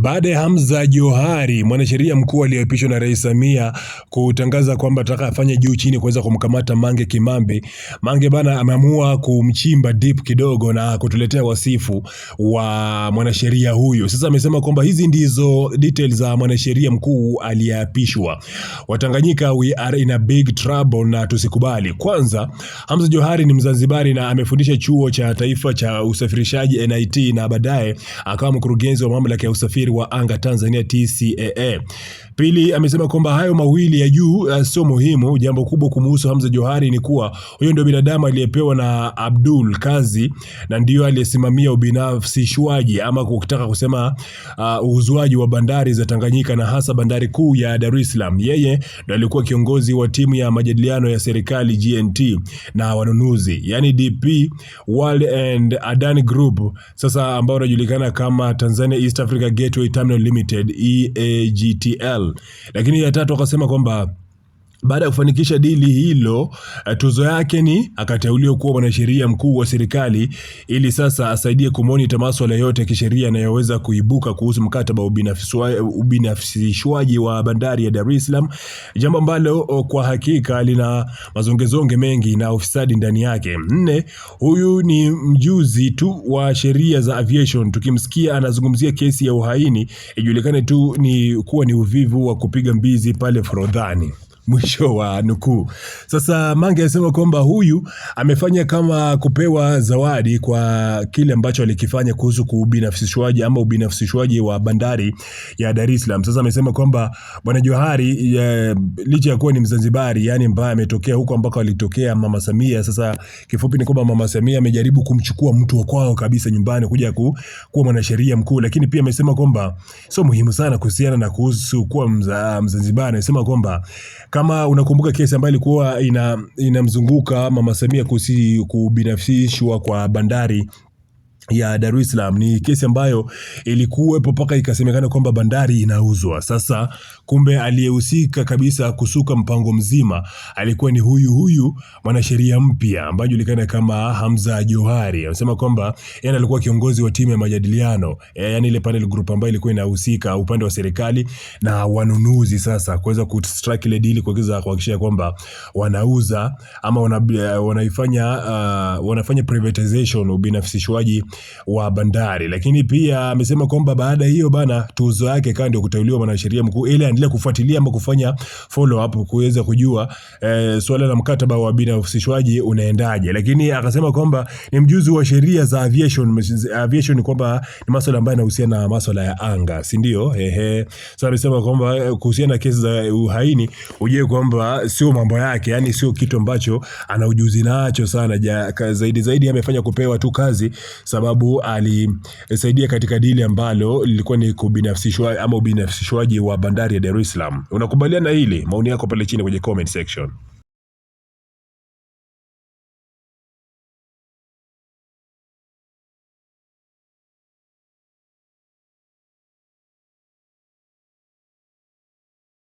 Baada ya Hamza Johari, mwanasheria mkuu aliyeapishwa na Rais Samia kutangaza kwamba ataka afanye juu chini kuweza kumkamata Mange Kimambi, Mange bana ameamua kumchimba deep kidogo na kutuletea wasifu wa mwanasheria huyo. Sasa amesema kwamba hizi ndizo details za mwanasheria mkuu aliyeapishwa. Watanganyika, we are in a big trouble na tusikubali. Kwanza, Hamza Johari ni Mzanzibari na amefundisha chuo cha taifa cha usafirishaji NIT na baadaye akawa mkurugenzi wa mamlaka ya usafiri wa anga Tanzania TCAA. Pili amesema kwamba hayo mawili ya juu uh, sio muhimu. Jambo kubwa kumuhusu Hamza Johari ni kuwa huyo ndio binadamu aliyepewa na Abdul kazi na ndiyo aliyesimamia ubinafsishwaji ama kutaka kusema uuzwaji uh, wa bandari za Tanganyika na hasa bandari kuu ya Dar es Salaam. Yeye ndo alikuwa kiongozi wa timu ya majadiliano ya serikali GNT na wanunuzi yani DP World and Adani Group, sasa ambao unajulikana kama Tanzania East Africa Gateway Terminal Limited EAGTL. Lakini ya tatu akasema kwamba baada ya kufanikisha dili hilo, eh, tuzo yake ni akateuliwa kuwa mwanasheria mkuu wa serikali ili sasa asaidie kumonita masuala yote ya kisheria yanayoweza kuibuka kuhusu mkataba wa ubinafsishwaji wa bandari ya Dar es Salaam, jambo ambalo kwa hakika lina mazongezonge mengi na ufisadi ndani yake. Nne, huyu ni mjuzi tu wa sheria za aviation. Tukimsikia anazungumzia kesi ya uhaini, ijulikane tu ni kuwa ni uvivu wa kupiga mbizi pale Forodhani. Mwisho wa nukuu. Sasa Mange anasema kwamba huyu amefanya kama kupewa zawadi kwa kile ambacho alikifanya kuhusu kubinafsishwaji ama ubinafsishwaji wa bandari ya Dar es Salaam. Sasa amesema kwamba bwana Johari ya, licha ya kuwa ni Mzanzibari, yani ambaye ametokea huko ambako alitokea mama Samia. Sasa kifupi ni kwamba mama Samia amejaribu kumchukua mtu wa kwao kabisa nyumbani kuja ku, kuwa mwanasheria mkuu, lakini pia amesema kwamba sio muhimu sana kuhusiana na kuhusu kuwa mza, Mzanzibari. Amesema kwamba kama unakumbuka kesi ambayo ilikuwa inamzunguka ina Mama Samia kuhusu kubinafsishwa kwa bandari ya Dar es Salaam ni kesi ambayo ilikuwepo mpaka ikasemekana kwamba bandari inauzwa. Sasa kumbe aliyehusika kabisa kusuka mpango mzima alikuwa ni huyu huyu mwanasheria mpya ambaye anajulikana kama Hamza Johari. Anasema kwamba yeye alikuwa kiongozi wa timu ya majadiliano, e, yani ile panel group ambayo ilikuwa inahusika upande wa serikali na wanunuzi, sasa kuweza kustrike ile deal kuweza kuhakikisha kwamba wanauza ama eh, wanaifanya uh, wanafanya privatization, ubinafsishwaji wa Bandari. Lakini pia amesema kwamba baada hiyo bana tuzo yake kawa ndio kuteuliwa mwanasheria mkuu, ili aendelee kufuatilia ama kufanya follow up kuweza kujua e, swala la mkataba wa binafsishwaji unaendaje. Lakini akasema kwamba ni mjuzi wa sheria za aviation, aviation ni kwamba ni masuala ambayo yanahusiana na masuala ya anga, si ndio? Ehe, sasa amesema kwamba eh, kuhusiana na kesi za uhaini ujue kwamba sio mambo yake, yani sio kitu ambacho ana ujuzi nacho sana ja, zaidi zaidi amefanya kupewa tu kazi sababu sababu alisaidia katika dili ambalo lilikuwa ni kubinafsishwa ama ubinafsishwaji wa bandari ya Dar es Salaam. Unakubaliana hili? Maoni yako pale chini kwenye comment section.